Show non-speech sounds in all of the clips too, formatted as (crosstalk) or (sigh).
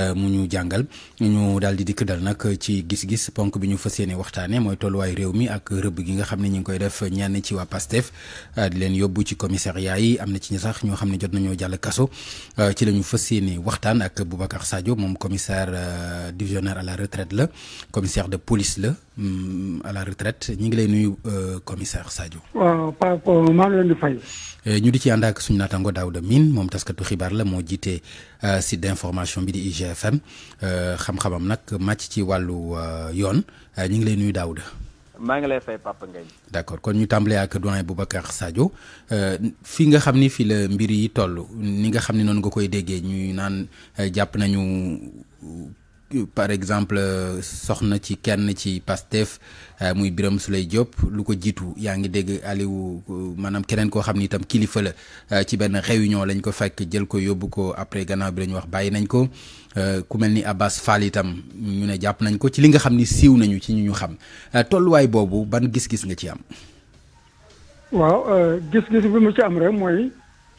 Euh, mu ñu jàngal ñu daal di dikk dal nag ci gis-gis ponk bi ñu fas ne waxtaane mooy tolluwaay réew mi ak rëbb gi nga xam ne ñu ngi koy def ñenn ci waa PASTEF euh, di leen yóbbu ci commissariat yi am na ci sax ñoo xam ne jot nañoo jàll kaso euh, ci la ñu fas yéene waxtaan ak Boubacar Sadio moom commissaire divisionnaire à la retraite la commissaire de police la mm, à la retraite ñi ngi lay nuyu commissaire Sadio. waaw Eh, ñu di ci ànd ak suñu naataango Daouda min moom taskatu xibaar la moo jiite eh, site d'information bi di IGFM eh, xam-xamam nag màcc ci wàllu yoon ñu ngi lay nuyu Daouda. maa ngi lay fay Papa Ngagne. d'accord kon ñu tàmbalee ak doyen Boubacar Sadio fi nga xam ni fi la mbir yi toll ni nga xam ni noonu nga koy déggee ñuy naan jàpp nañu. par exemple soxna ci kenn ci Pastef euh, muy Birame Souleye Diop lu ko jiitu yaa ngi dégg Aliou euh, maanaam keneen koo xam ni itam kilifa la euh, ci benn réunion lañ ko fekk jël ko yóbbu ko après gannaaw bi lañu wax bàyyi nañ ko ku mel ni Abbas Fall itam mu ne jàpp nañ ko ci li nga xam ni siiw nañu ci ñu ñu xam tolluwaay boobu ban gis-gis nga ci am. waaw gis-gis bi mu ci am rek mooy.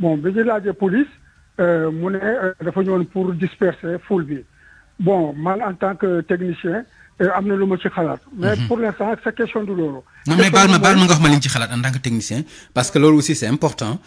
bon bi ñu laajee police euh, mu ne euh, dafa ñëwoon pour disperser foule bi bon man en tant que technicien euh, am na lu ma ci xalaat. Mhm. mais pour l'instant sa question du loolu. non mais baal ma baal ma nga wax ma li ci xalaat en tant que technicien parce que loolu aussi c'est important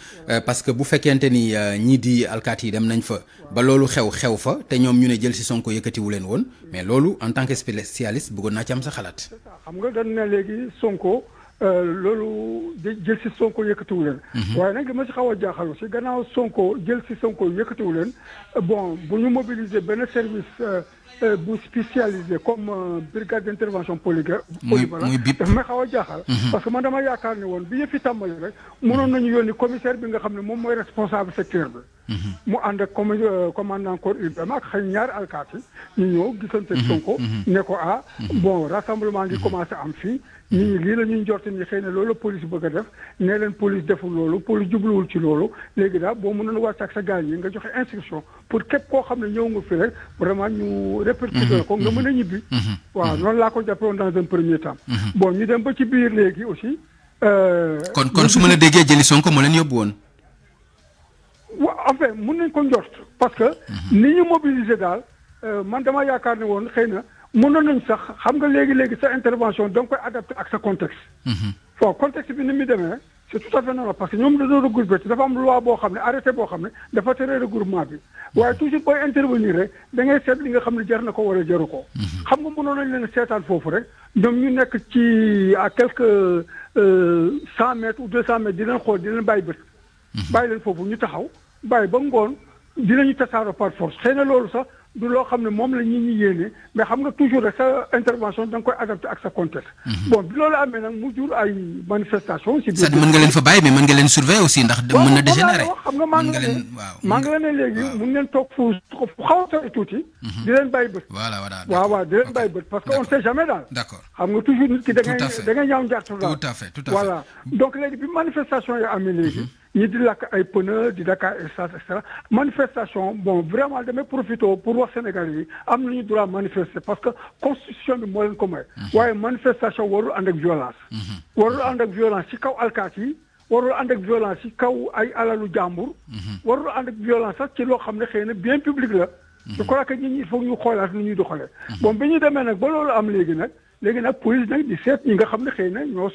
parce que bu fekkente ni ñi di alkaati yi dem nañ fa ba loolu xew xew fa te ñoom ñu ne jël si Sonko wu leen woon mais loolu en tant que spécialiste bëggoon naa ci am sa xalaat. xam nga dañ ne léegi Sonko. Euh, loolu jël si Sonko yëkkatiwu leen. Mhm. waaye nag dama si xaw a jaaxal si gannaaw Sonko jël si Sonko yëkkatiwu leen bon bu ñu mobiliser benn service euh, euh, bu spécialisé comme brigade d' intervention polyvalent. muy muy BIP xaw a jaaxal. Mhm. parce que man dama yaakaar ne woon bi yëf yi tàmbali rek mënoon nañu yónni commissaire bi nga xam ne moom mooy responsable secteur bi. mu ànd ak comme euh, commandant corps urbain ak xëy ñaari alkaati ñu ñëw gisante mhm. Sonko mhm. ne ko ah mhm. bon rassemblement ngi commencé am fii nit ñi lii la ñuy njort ni xëy na loolu police bëgg a def nee leen police deful loolu police jubluwul ci loolu léegi daal boo mënoon wàcc ak sa gars yi nga joxe instruction pour képp koo xam ne ñëw nga fi rek vraiment ñu répercuté ko nga mën a ñibbi waaw noonu laa ko jàppoon dans un premier temps bon ñu dem ba ci biir léegi aussi euh, kon kon su ma la déggee jëli Sonko moo leen yóbbu woon en fait mun nañ ko njort parce que. Mhm. ni ñu mobiliser daal euh, man dama yaakaar ne woon xëy na mënoon nañ sax xam nga léegi léegi sa intervention da nga koy adapté ak sa contexte. Mhm. bon contexte bi ni muy demee c' est tout à fait normal parce que ñoom dañoo regroupé te dafa am loi boo xam ne arrêté boo xam ne dafa tere regroupement bi waaye mhm. toujours booy intervenir rek da ngay seet li nga xam ne jar na ko wala jaru ko. xam nga mënoon nañ leen seetaan foofu rek ñoom ñu nekk ci à quelques euh, cent mètres ou deux cent mètres di leen xool di leen bàyyi bët. bàyyi leen foofu ñu taxaw bàyyi ba ngoon dinañu tasaaroo par force xëy na loolu sax du loo xam ne moom la ñuy ñu yéene mais xam nga toujours rek sa intervention da nga koy adapté ak sa contexte. Mhm. bon bi loolu amee nag mu jur ay manifestation si biir mën nga leen fa bàyyi mais mën nga leen surveiller aussi ndax. mën na dégénérer xam nga maa ngi leen maa ngi leen ne léegi mën ngeen toog fu xaw a sori tuuti. Mhm. di leen bàyyi bët. voilà voilà waaw waaw di leen bàyyi bët parce que on sait jamais daal. d'accord xam nga toujours nit ki da ngay da ngay ñaaw njàttu daal. tout à fait tout à fait voilà donc léegi bi manifestation yi amee léegi mhm ñi di lakk ay pneu di lakk ay essence et cetera manifestation bon vraiment damay profité pour wax Sénégalais yi am nañu droit manifester parce que constitution de moo comme ko mhm. manifestation warul ànd violence. Mhm. warul ànd violence si kaw alkaat yi. warul ànd violence si kaw ay alalu jàmbur. Mhm. warul ànd violence sax ci loo xam ne xëy bien public la. je crois que nit ñi il faut ñu xoolaat de ñuy doxalee. bon ben ñu demee nag ba loolu am léegi nag léegi nag police nag di seet ñi nga xam ne xëy na ñoo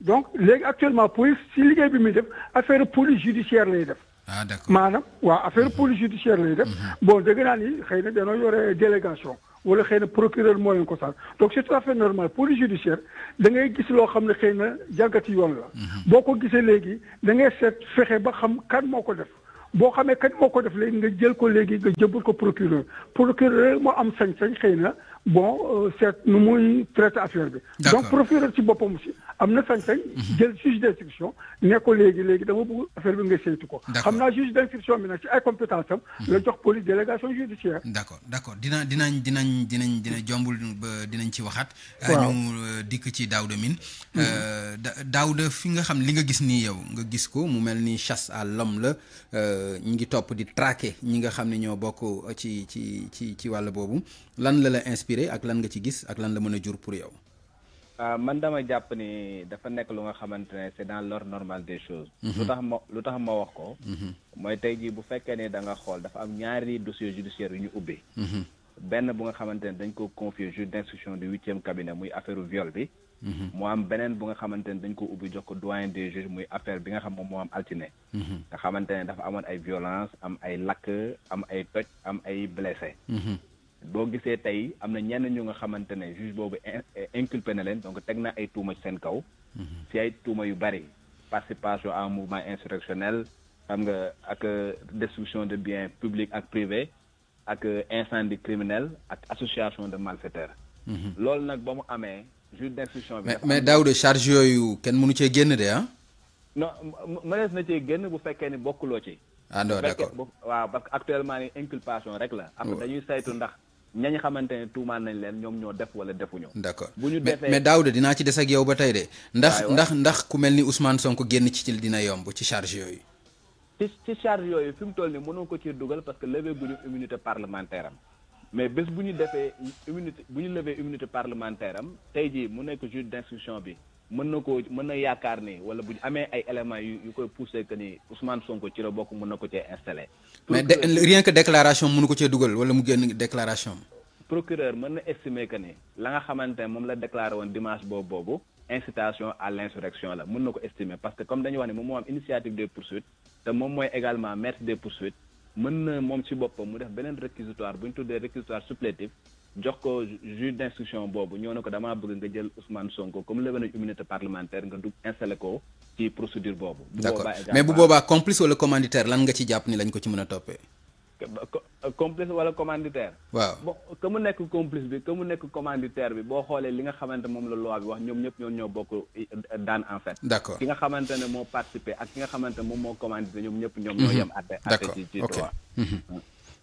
donc légui actuellement police si liggéey bi muy def affaire police judiciaire lay def. ah d'accord maanaam waaw affaire mhm. police judiciaire lay def. Mhm. bon dégg naa ni xëy na danoo yore délégation. wala xëy na procureur moo leen ko sal donc c'est tout à fait normal police judiciaire da ngay gis loo xam ne xëy na jalgati yoon la. Mhm. boo ko gisee léegi da ngay seet fexe ba xam kan moo ko def. boo xamee kan moo ko def léegi nga jël ko léegi nga jëbbal ko procureur procureur moo am sañ-sañ xëy na bon euh, c'est nous muy traité affaire bi. donc procureur ci boppam si am na sañ-sañ. Mhm. jël juge d'instruction instruction ne ko léegi léegi dama bëgg affaire bi nga saytu ko. xamna juge d'instruction bi nak ci ay compétence am. Mhm. la jox police délégation judiciaire. d'accord d'accord d' accord dina dinañ dinañ dinañ dina jombul dinañ ci waxat ñu euh, dik ci Daouda Mine. Mhm. Euh, Daouda fi nga xam li nga gis ni yow nga gis ko mu melni chasse à l'homme la ñi ngi top di traquer ñi nga xam ni ño bokku ci ci ci ci bobu lan la la inspiré inspiré ak lan nga ci gis ak lan la mëna a jur pour yow. Ah, man dama japp ni dafa nek lu nga xamante c'est dans l'ordre normal des choses. Mhm. lutax tax ma lu ma wax ko. moy mhm. tey jii bu fekkee ne da nga xol dafa am ñaari dossier judiciaire yu ñu ubbé mhm. benn bu nga xamante dañ ko confier juge d'instruction du 8e cabinet muy affaire viol bi. mo am benen bu nga xamante dañ ko ubbi jox ko doyen des juges muy affaire bi nga xam mo am altiné nga xamante dafa amone ay violence am ay lakk am ay toj am ay blessé boo gisee tey am na ñenn ñu nga xamante ne juge boobu eh, inculpé na leen donc teg na ay tuuma seen kaw. si mhm. ay tuuma yu bari participation à un mouvement insurrectionnel xam nga ak euh, destruction de biens publics ak privés ak euh, incendie criminel ak association de malfaiteurs. Mhm. loolu nag ba mu amee juge d'instruction bi. mais Daouda charge yooyu kenn mënu cee génn de ah. non mënees na cee génn bu fekkee ni bokkuloo ci. ah non d'accord waaw parce que actuellement ni inculpation rek la. après dañuy saytu ndax. ñañ xamante ne tuumaan nañ leen ñoom ñoo def wala defuñoo d' accord bu ñu defee mais Daouda dinaa ci des ak yow ba tey de. ndax ndax ndax ku mel ni Ousmane Sonko génn ci ci dina yomb ci charge yooyu. ci ci charge yooyu fi mu toll nii mënoo ko ci dugal parce que levé guñu immunité parlementaire mais bés bu ñu defee immunité bu ñu levee immunité parlementaire am tey jii mu nekk juge d' bi. mën na koo mën na yaakaar ni wala bu amee ay éléments yu yu koy poussé que ni Ousmane Sonko ci la bokk mën na ko cee installé. mais rien que déclaration mënu ko cee dugal wala mu génn déclaration procureur mën na estimer que ni la nga xamante ne moom la déclaré woon dimanche boobu boobu incitation à l' insurrection la mën na ko estimer parce que comme dañu wax ne moom moo am initiative de poursuite te moom mooy également maître des poursuites mën na moom ci boppam mu def beneen réquisitoire bu ñu tuddee réquisitoire supplétif jox ko juge d'instruction boobu ñoo ne ko damaa bëgg nga jël Ousmane Sonko comme levé nañ immunité parlementaire nga dugg installé ko ci procédure boobu. d'accord mais bu boobaa complice wala commanditaire lan nga ci jàpp ni lañ ko ci mën a toppee. complice wala commanditaire. waaw bon que mu nekk complice bi que mu nekk commanditaire bi boo xoolee li nga xamante moom la loi bi wax ñoom ñëpp ñoo ñoo bokk daan en fait. d'accord ki nga xamante ne moo participé ak nga xamante moom moo commandité ñoom ñëpp. ñoo mhm. yem. àtte àtte ci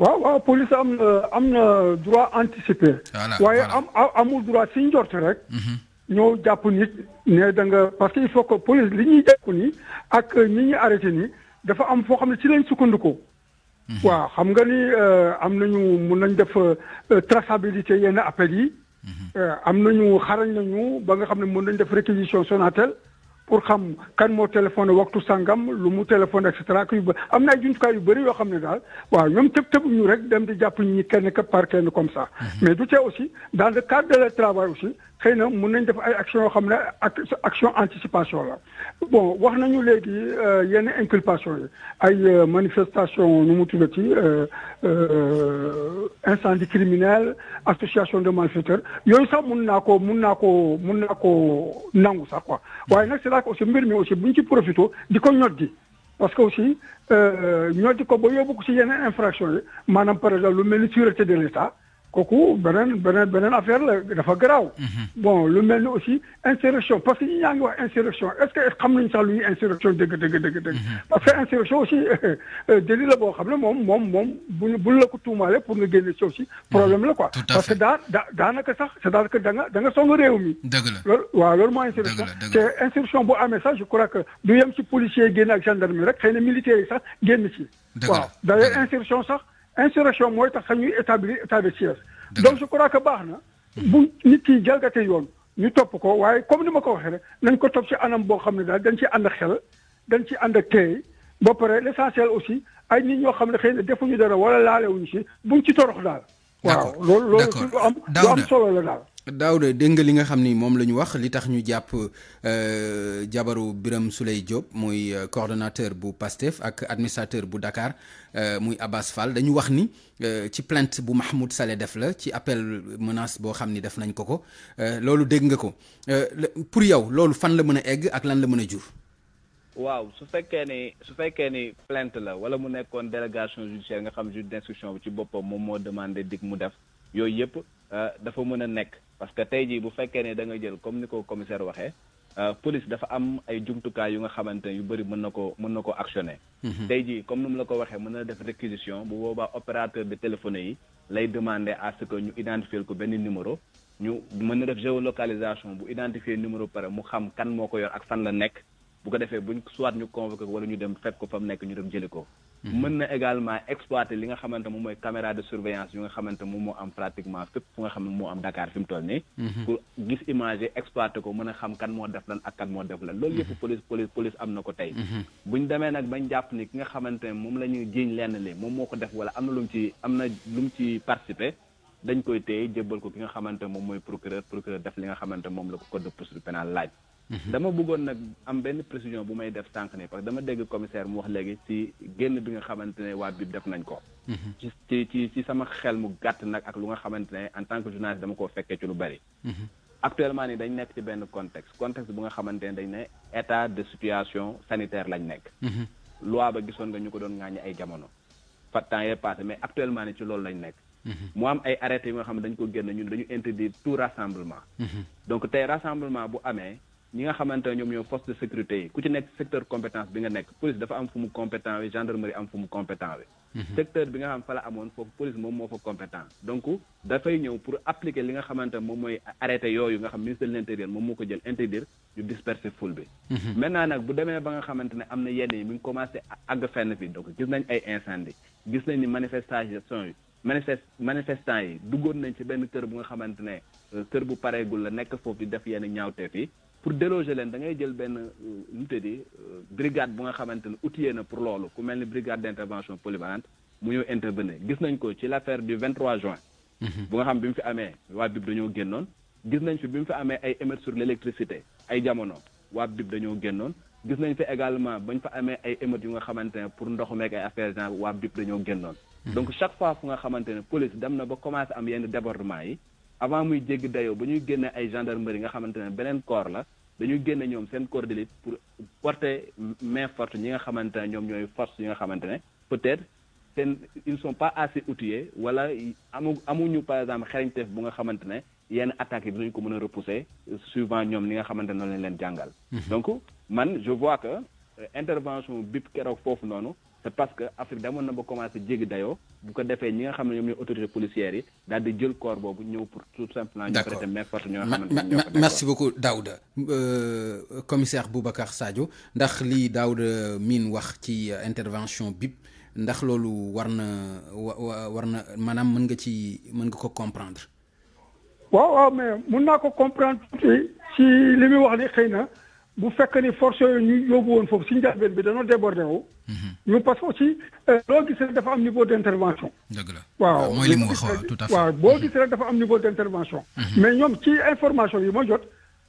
waaw waaw police am am na droit anticiper. waaye am amul droit si njort rek. Mhm. ñoo jàpp nit ne da nga parce que il faut que police li ñuy jàpp nii ak ñi ñuy arrêté nii dafa am foo xam ne ci lañ sukkandiku. Mhm. waaw xam nga ni euh, am nañu mun nañ def euh, traçabilité yenn appels yi. Mhm. Euh, am na nañu xarañ nañu ba nga xam ne mun nañ def réquisition Sonatel. pour xam kan moo téléphoné waxtu sangam lu mu téléphone et cetera am na ay jumtukaay yu bëri yoo xam ne daal waaw ñoom tëb tëb ñu rek dem di jàpp ñi kenn ka par kenn comme ça. Mhm. mais du tee aussi dans le cadre de leur travail aussi xëy na mun nañ def ay action yoo xam ne ak action anticipation la bon wax nañu léegi euh, yenn inculpation yi ay euh, manifestation nu mu tuddati euh, incendie criminel association de malfaiteurs yooyu sax mun naa ko mun naa ko mun naa ko nangu sax quoi waaye nag c'est là que aussi mbir mi aussi bu ñu ci profité di ko di. parce que aussi ñoddi ko ba yóbbu ko si yenn infraction yi maanaam par exemple lu mel ni sûreté de l'État kooku beneen beneen beneen affaire la dafa garaaw. Mhm. bon lu melni aussi insurrection parce que ñi ñaa wax insurrection est-ce que xam nañ sax luy insurrection deug deug deug deug mhm. parce que insurrection aussi (laughs) euh, délit la bo xam mom mom mom bu buñ la ko tuumaale pour nga génne si aussi mhm. problème la quoi. parce que da da naka sax cest dans que da nga da nga song réew mi. dëgg la wa lool moy insurrection C'est insurrection bu amé sax je crois que du yam ci policier yi ak gendarmerie rek xeyna militaire sax génn ci. dëgg la d'ailleurs insurrection sax. insurrection mooy tax sax ñuy établir état de siège donc je crois que baax na bu nit ki jalgate yoon ñu topp ko waaye comme ni ma ko waxee rek nañ ko topp ci anam boo xam ne daal dañ ci ànd ak xel dañ ci ànd ak ba pare l' aussi ay nit ñoo xam ne xëy na defuñu dara wala laalewuñu si buñ ci torox daal. waaw loolu loolu lu am am solo la daal. Daouda dégg nga li nga xam ni moom la ñu wax li tax ñu jàpp euh, Birame Diop euh, bu PASTEF ak administrateur bu Dakar euh, muy Abbas Fall dañu wax ni ci plainte bu Mahmoud Sale def la ci appel menace boo xam ni def nañ ko ko loolu dégg nga ko pour yow loolu fan la mën egg ak lan la waaw su ni plainte la wala mu nekkoon délégation judiciaire nga xam juge d'instruction bi ci boppam moom moo demandé dig mu def Euh, dafa mën a nekk parce que tey jii bu fekkee ne da nga jël comme ni ko commissaire waxee euh, police dafa am ay jumtukaay yu nga xamante ne yu bëri mën na ko mën na ko actionné mhm. tey jii comme nu mu la ko waxee mën na def réquisition bu boobaa opérateur de téléphone yi lay demander à que ñu identifier ko benn numéro ñu mën na def localisation bu identifier numéro pare mu xam kan moo ko yor ak san la nekk bu ko defee buñ soit ñu convoqué ko wala ñu dem fekk ko fa mu nekk ñu dem jëli ko Mm-hmm. mën na également exploiter li nga xamante moom mooy caméra de surveillance yu nga xamante moom moo am pratiquement fépp fu nga xam ne moo am Dakar fi mu toll nii. Mm-hmm. pour gis image exploiter ko mën a xam kan moo def lan ak kan moo def lan. loolu yëpp mm-hmm. police police police am na ko tey. buñ demee nag bañ jàpp ni ki nga xamante ne moom la ñuy jiiñ lenn li moom moo ko def wala am na lu ci am na lu mu ci participer. dañ koy téye jébbal ko ki nga xamante moom mooy procureur procureur nga xamante moom la ko code de procédure pénale laaj. Mhm. dama bëggoon nag am benn précision bu may def tànk ne parce que dama dégg commissaire mu wax léegi ci génn bi nga xamante ne waa bib def nañ ko. Mhm. ci ci ci sama xel mu gàtt nag ak lu nga xamante ne en tant que journaliste dama koo fekkee ci lu bari. Mhm. actuellement nii dañ nekk ci benn contexte contexte bu nga xamante ne dañ ne état de situation sanitaire lañ nekk. loi ba gisoon nga ñu ko doon ŋaañi ay jamono. fat temps yee passé mais actuellement ni ci loolu lañ nekk. mu am ay arrêté yu nga xam dañ ko génn ñun dañu interdire tout rassemblement. donc tey rassemblement bu amee. ñi nga xamante ne ñoom ñoo force de sécurité yi ku ci nekk secteur compétence bi nga nekk police dafa am fu mu compétent wi gendarmerie am fu mu compétent wi mhm. secteur bi nga xam fa la amoon foofu police moom moo fa compétent donc dafay ñëw pour appliquer li nga xamante moom mooy arrêté yooyu nga xam ministre de l'intérieur moom moo ko jël interdire ñu disperser foule bi mhm. maintenant nag bu demee ba nga xamante ne am na yenn yi mi ngi commencé àgg fenn fi don gis nañ ay incendie gis nañ ni manifestation yi manifest manifestant yi duggoon ci benn kër bu nga xamante ne kër bu pareegul la nekk foofu di def yenn ñaawteef yi pour déloger leen da ngay jël benn euh, nu mu tëddee euh, brigade bu nga xamante ne outillé na pour loolu ku mel ni brigade d' intervention polyvalente mu ñëw intervenir gis nañ ko ci l' affaire du 23 juin. Mhm. bu nga xam bi mu fi amee waa bib dañoo génnoon. gis nañ fi bi mu fi amee ay émeutes sur l' électricité ay jamono waa bib dañoo génnoon gis nañ fi également ñu fa amee ay émeutes yu nga xamante ne pour ndox meeg ay affaires genre waa bib dañoo génnoon. Mhm. donc chaque fois fu nga xamante ne police dem na ba commencé am yenn débordement yi. avant muy jégg dayoo ba ñuy génne ay gendarmerie nga xamante ne beneen corps la dañuy génne ñoom seen corps d'élite pour porter main forte ñi nga xamante ne ñoom ñooy force yi nga xamante ne peut-être seen ils ne sont pas assez outillés wala amu amuñu par exemple xereñteef bu nga xamante ne yenn attaques yi dañu ko mën a repousser suivant ñoom li nga xamante ne noonu leen jàngal mhm. donc man je vois que euh, intervention bip keroog foofu noonu c'est parce que Afrique demoon na ba commencé jéggi dayoo bu ko defee ñi nga xam ne ñoom ñooy autorités policières yi daal di jël corps boobu ñëw pour tout simplement. ñu prêter main forte ñoo xamante merci beaucoup Daouda euh, commissaire Boubacar Sadio ndax li Daouda min wax ci intervention bip ndax lolu warna, warna, manam war na mën nga ci mën nga ko comprendre. waaw waaw mais mun naa ko comprendre tuuti ci li muy wax ni xeyna, bu fekk ni force yooyu ñu yóbbu woon foofu si njëlbeen bi danoo débordé wu. Mhm. ñu parce que aussi euh, loo gis rek dafa am niveau d' intervention. dëgg la waaw euh, mooy li mu wax tout à fait waaw boo mhm. gis rek dafa am niveau d' intervention. Mhm. mais ñoom ci information yi ma jot.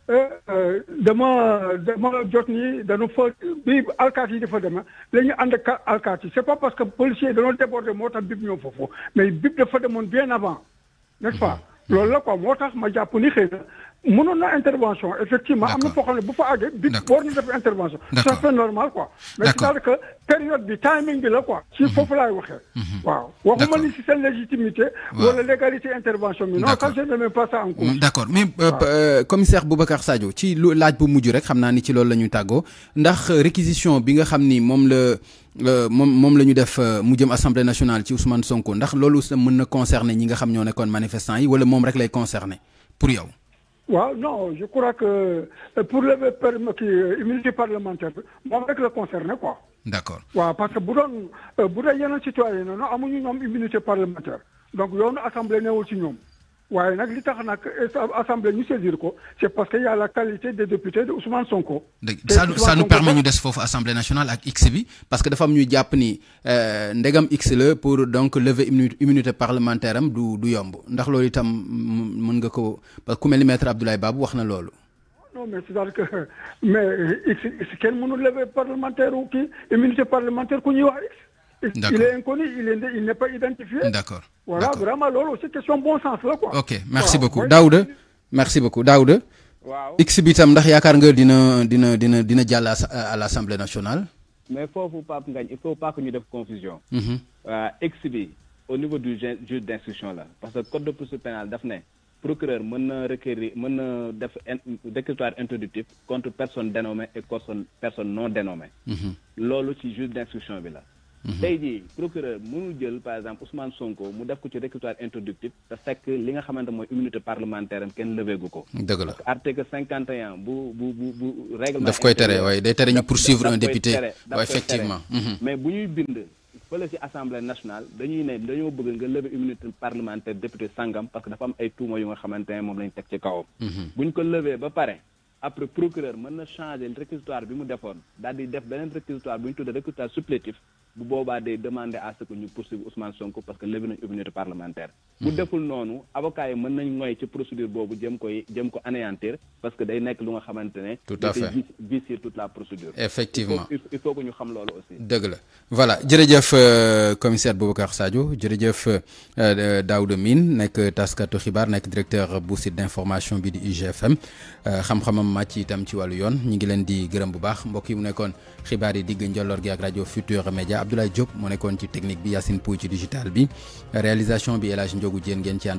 Euh, dama dama jot ni dañu fa bi alkaat yi dafa demee la ñu ànd ak alkaat yi c' est pas parce que policiers yi dañoo débordé moo tax bib ñoom foofu mais bib dafa demoon bien avant n' est ce pas. loolu la quoi moo tax ma jàpp ni xëy na mënoon na intervention effectivement am na foo xam ne bu fa àggee bi war na def intervention ça fait normal quoi mais c'est-à-dire que période bi timing bi la quoi si mhm. foofu laay waxee mhm. waaw waxuma ni si seen légitimité wala légalité intervention bi non ça je ne mets pas ça en cause mm, d'accord mais euh, euh, commissaire Boubacar Sadio ci lu laaj bu mujj rek xam naa ni ci loolu la ñuy tàggoo ndax euh, réquisition bi nga xam ni moom la moom moom la ñu def mu jëm assemblée nationale ci Ousmane Sonko ndax loolu sa mën na concerner ñi nga xam ñoo nekkoon manifestant yi wala moom rek lay concerner pour yow non je crois que euh, pour le permis euh, parlementaire moi le le concerné quoi. d'accord parce que bu les euh, y a une citoyen non amuñu immunité parlementaire donc une assemblée une ci ñoom waaye nag li tax nag assemblée ñu saisir ko c' est parce que y' a la qualité des députés de Ousmane Sonko. ça ça nous permet ñu des foofu assemblée nationale ak x bi parce que dafa am ñuy jàpp ni euh, ndegam x la pour donc lever immunité parlementaire am du du yomb ndax loolu itam mën nga ko parce que ku mel ni maître Abdoulaye Babou wax na loolu. non mais c'est-à-dire que (laughs) mais x quel kenn mënul lever parlementaire ou kii immunité parlementaire ku ñuy wax x. il est inconnu il est il n'est pas identifié. d'accord voilà vraiment c'est une question bon sens là, quoi. ok merci beaucoup Daouda merci beaucoup Daouda. waaw x bi itam ndax yaakaar nga dina dina dina dina à l'Assemblée nationale. mais il ne il faut pas que ñu def confusion. Mhm. Euh, x au niveau du juge d'instruction, parce que le code de procédure pénale daf procureur mën na requérir mën introductif contre personne dénommée et contre personne non dénommée. que mhm. le juge d'instruction bi Mhm. tey jii procureur mënul jël par exemple Ousmane Sonko mu def ko ci réquisitoire introductif te fekk li nga xamante mooy immunité parlementaire am kenn levé gu ko. dëgg la article cinquante day tere ñu poursuivre un député waaye effectivement. Mhm. mais bu ñuy bind. fële ci assemblée nationale dañuy ne dañoo bëgg nga lever immunité parlementaire député sangam parce que dafa am ay tuuma yu nga xamante moom lañ teg ci kawam. Mhm. buñ ko lever ba pare. après procureur mën na changer réquisitoire bi mu defoon daal di def beneen bu boobaa day demander à ce que ñu poursuivre Ousmane parce que levé nañu immunité parlementaire bu deful noonu avocat yi mën nañ mooy ci procédure boobu jëm koy jëm ko anéantir parce que day nekk lu nga xamante ne. tout à fait vicier toute la procédure. effectivement il faut que ñu xam loolu aussi. dëgg la voilà jërëjëf euh, commissaire Boubacar Sadio jërëjëf euh, euh, Daoudou Mine nekk taskatu xibaar nekk directeur bu site d'information bi di UGFM xam-xamam màcc itam ci wàllu yoon ñu ngi leen di gërëm bu baax mbokk yi mu nekkoon xibaar yi digg njolloor gi ak rajo Futur Média Abdoulaye Diop mu nekkoon ci technique bi Yacine Pouy ci digital bi réalisation bi El Hadj Ndogu Diène